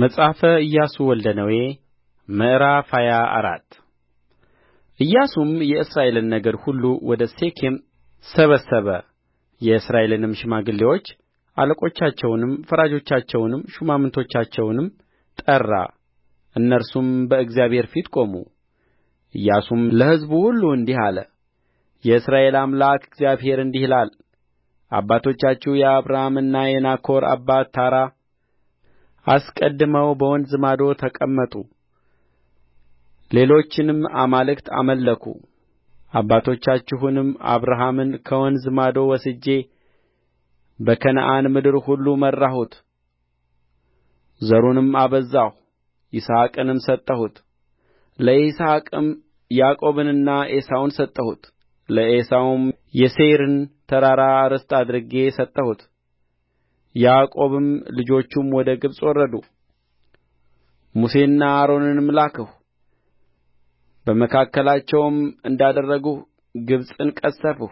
መጽሐፈ ኢያሱ ወልደ ነዌ ምዕራፍ ሃያ አራት ኢያሱም የእስራኤልን ነገድ ሁሉ ወደ ሴኬም ሰበሰበ። የእስራኤልንም ሽማግሌዎች አለቆቻቸውንም፣ ፈራጆቻቸውንም፣ ሹማምንቶቻቸውንም ጠራ። እነርሱም በእግዚአብሔር ፊት ቆሙ። ኢያሱም ለሕዝቡ ሁሉ እንዲህ አለ። የእስራኤል አምላክ እግዚአብሔር እንዲህ ይላል አባቶቻችሁ የአብርሃምና የናኮር አባት ታራ አስቀድመው በወንዝ ማዶ ተቀመጡ ሌሎችንም አማልክት አመለኩ አባቶቻችሁንም አብርሃምን ከወንዝ ማዶ ወስጄ በከነዓን ምድር ሁሉ መራሁት ዘሩንም አበዛሁ ይስሐቅንም ሰጠሁት ለይስሐቅም ያዕቆብንና ኤሳውን ሰጠሁት ለዔሳውም የሴይርን ተራራ ርስት አድርጌ ሰጠሁት ያዕቆብም ልጆቹም ወደ ግብፅ ወረዱ ሙሴንና አሮንንም ላክሁ በመካከላቸውም እንዳደረግሁ ግብፅን ቀሠፍሁ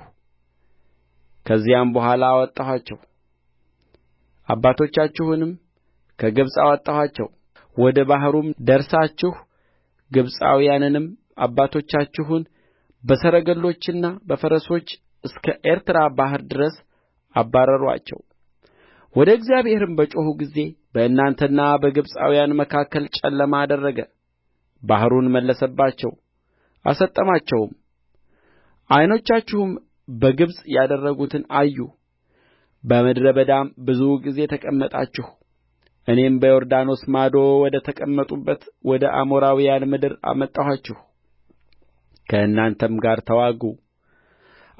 ከዚያም በኋላ አወጣኋቸው አባቶቻችሁንም ከግብፅ አወጣኋቸው ወደ ባሕሩም ደርሳችሁ ግብፃውያንንም አባቶቻችሁን በሰረገሎችና በፈረሶች እስከ ኤርትራ ባሕር ድረስ አባረሩአቸው ወደ እግዚአብሔርም በጮኹ ጊዜ በእናንተና በግብፃውያን መካከል ጨለማ አደረገ ባሕሩን መለሰባቸው አሰጠማቸውም ዓይኖቻችሁም በግብፅ ያደረጉትን አዩ በምድረ በዳም ብዙ ጊዜ ተቀመጣችሁ እኔም በዮርዳኖስ ማዶ ወደ ተቀመጡባት ወደ አሞራውያን ምድር አመጣኋችሁ ከእናንተም ጋር ተዋጉ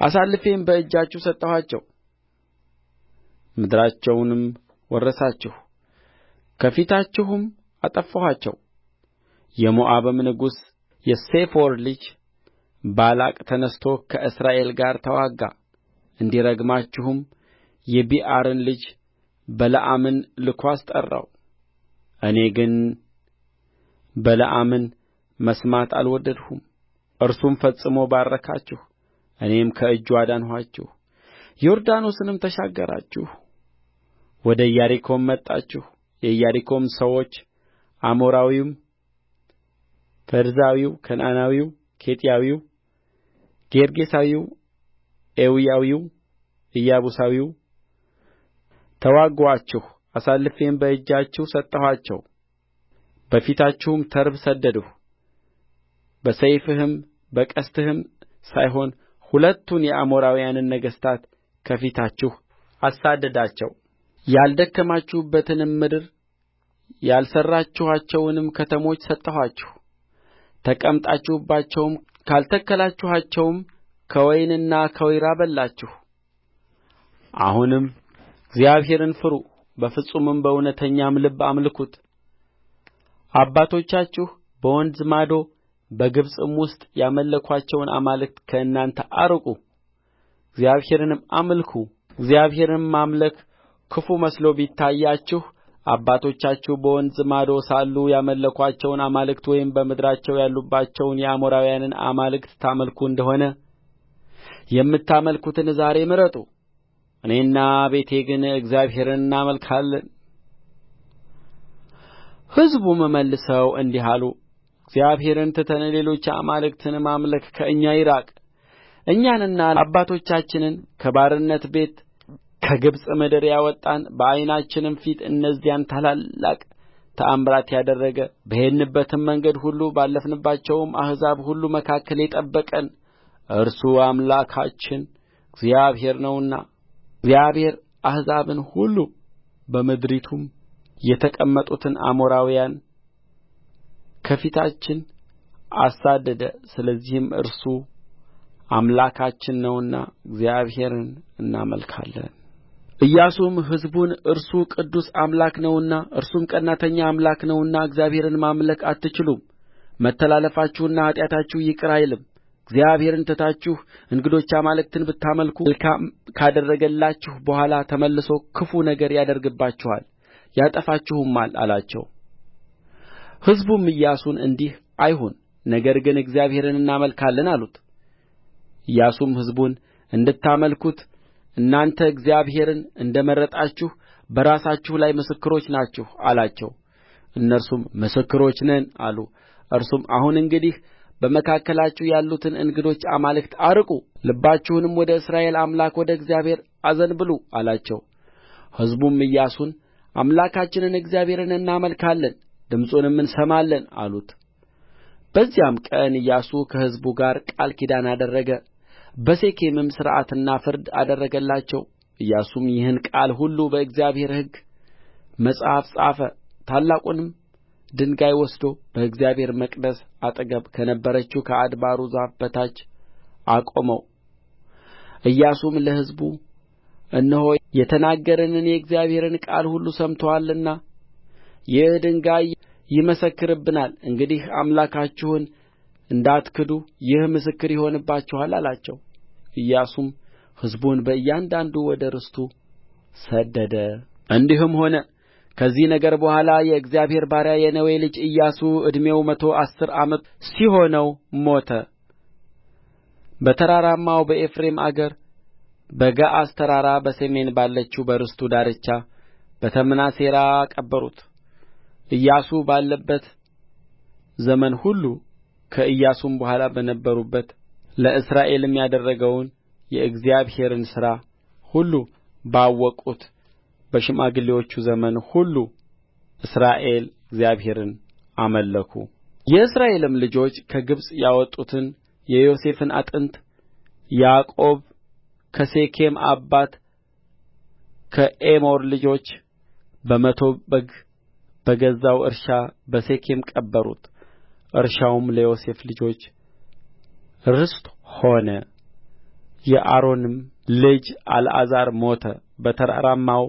አሳልፌም በእጃችሁ ሰጠኋቸው ምድራቸውንም ወረሳችሁ ከፊታችሁም አጠፋኋቸው። የሞዓብም ንጉሥ የሴፎር ልጅ ባላቅ ተነሥቶ ከእስራኤል ጋር ተዋጋ። እንዲረግማችሁም የቢዖርን ልጅ በለዓምን ልኮ አስጠራው። እኔ ግን በለዓምን መስማት አልወደድሁም። እርሱም ፈጽሞ ባረካችሁ፣ እኔም ከእጁ አዳንኋችሁ፣ ዮርዳኖስንም ተሻገራችሁ ወደ ኢያሪኮም መጣችሁ የኢያሪኮም ሰዎች አሞራዊው ፌርዛዊው ከነዓናዊው ኬጢያዊው ጌርጌሳዊው ኤዊያዊው ኢያቡሳዊው ተዋጉአችሁ አሳልፌም በእጃችሁ ሰጠኋቸው በፊታችሁም ተርብ ሰደድሁ በሰይፍህም በቀስትህም ሳይሆን ሁለቱን የአሞራውያንን ነገሥታት ከፊታችሁ አሳደዳቸው ያልደከማችሁባትንም ምድር ያልሠራችኋቸውንም ከተሞች ሰጠኋችሁ ተቀምጣችሁባቸውም ካልተከላችኋቸውም ከወይንና ከወይራ በላችሁ አሁንም እግዚአብሔርን ፍሩ በፍጹምም በእውነተኛም ልብ አምልኩት አባቶቻችሁ በወንዝ ማዶ በግብፅም ውስጥ ያመለኩአቸውን አማልክት ከእናንተ አርቁ እግዚአብሔርንም አምልኩ እግዚአብሔርንም ማምለክ ክፉ መስሎ ቢታያችሁ አባቶቻችሁ በወንዝ ማዶ ሳሉ ያመለኩአቸውን አማልክት ወይም በምድራቸው ያሉባቸውን የአሞራውያንን አማልክት ታመልኩ እንደ ሆነ የምታመልኩትን ዛሬ ምረጡ እኔና ቤቴ ግን እግዚአብሔርን እናመልካለን ሕዝቡም መልሰው እንዲህ አሉ እግዚአብሔርን ትተን ሌሎች አማልክትን ማምለክ ከእኛ ይራቅ እኛንና አባቶቻችንን ከባርነት ቤት ከግብፅ ምድር ያወጣን በዓይናችንም ፊት እነዚያን ታላላቅ ተአምራት ያደረገ በሄድንበትም መንገድ ሁሉ ባለፍንባቸውም አሕዛብ ሁሉ መካከል የጠበቀን እርሱ አምላካችን እግዚአብሔር ነውና እግዚአብሔር አሕዛብን ሁሉ በምድሪቱም የተቀመጡትን አሞራውያን ከፊታችን አሳደደ ስለዚህም እርሱ አምላካችን ነውና እግዚአብሔርን እናመልካለን ኢያሱም ሕዝቡን እርሱ ቅዱስ አምላክ ነውና እርሱም ቀናተኛ አምላክ ነውና እግዚአብሔርን ማምለክ አትችሉም መተላለፋችሁና ኃጢአታችሁ ይቅር አይልም እግዚአብሔርን ትታችሁ እንግዶች አማልክትን ብታመልኩ መልካም ካደረገላችሁ በኋላ ተመልሶ ክፉ ነገር ያደርግባችኋል ያጠፋችሁማል አላቸው ሕዝቡም ኢያሱን እንዲህ አይሁን ነገር ግን እግዚአብሔርን እናመልካለን አሉት ኢያሱም ሕዝቡን እንድታመልኩት እናንተ እግዚአብሔርን እንደ መረጣችሁ በራሳችሁ ላይ ምስክሮች ናችሁ አላቸው እነርሱም ምስክሮች ነን አሉ እርሱም አሁን እንግዲህ በመካከላችሁ ያሉትን እንግዶች አማልክት አርቁ ልባችሁንም ወደ እስራኤል አምላክ ወደ እግዚአብሔር አዘንብሉ አላቸው ሕዝቡም ኢያሱን አምላካችንን እግዚአብሔርን እናመልካለን ድምፁንም እንሰማለን አሉት በዚያም ቀን ኢያሱ ከሕዝቡ ጋር ቃል ኪዳን አደረገ በሴኬምም ሥርዓትና ፍርድ አደረገላቸው ኢያሱም ይህን ቃል ሁሉ በእግዚአብሔር ሕግ መጽሐፍ ጻፈ ታላቁንም ድንጋይ ወስዶ በእግዚአብሔር መቅደስ አጠገብ ከነበረችው ከአድባሩ ዛፍ በታች አቆመው ኢያሱም ለሕዝቡ እነሆ የተናገረንን የእግዚአብሔርን ቃል ሁሉ ሰምቶአልና ይህ ድንጋይ ይመሰክርብናል እንግዲህ አምላካችሁን እንዳትክዱ ይህ ምስክር ይሆንባችኋል አላቸው ኢያሱም ሕዝቡን በእያንዳንዱ ወደ ርስቱ ሰደደ እንዲህም ሆነ ከዚህ ነገር በኋላ የእግዚአብሔር ባሪያ የነዌ ልጅ ኢያሱ ዕድሜው መቶ አሥር ዓመት ሲሆነው ሞተ በተራራማው በኤፍሬም አገር በገዓስ ተራራ በሰሜን ባለችው በርስቱ ዳርቻ በተምናሴራ ቀበሩት ኢያሱ ባለበት ዘመን ሁሉ ከኢያሱም በኋላ በነበሩበት ለእስራኤልም ያደረገውን የእግዚአብሔርን ሥራ ሁሉ ባወቁት በሽማግሌዎቹ ዘመን ሁሉ እስራኤል እግዚአብሔርን አመለኩ። የእስራኤልም ልጆች ከግብፅ ያወጡትን የዮሴፍን አጥንት ያዕቆብ ከሴኬም አባት ከኤሞር ልጆች በመቶ በግ በገዛው እርሻ በሴኬም ቀበሩት። እርሻውም ለዮሴፍ ልጆች ርስት ሆነ የአሮንም ልጅ አልዓዛር ሞተ በተራራማው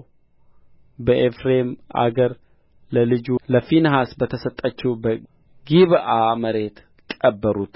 በኤፍሬም አገር ለልጁ ለፊንሐስ በተሰጠችው በጊብዓ መሬት ቀበሩት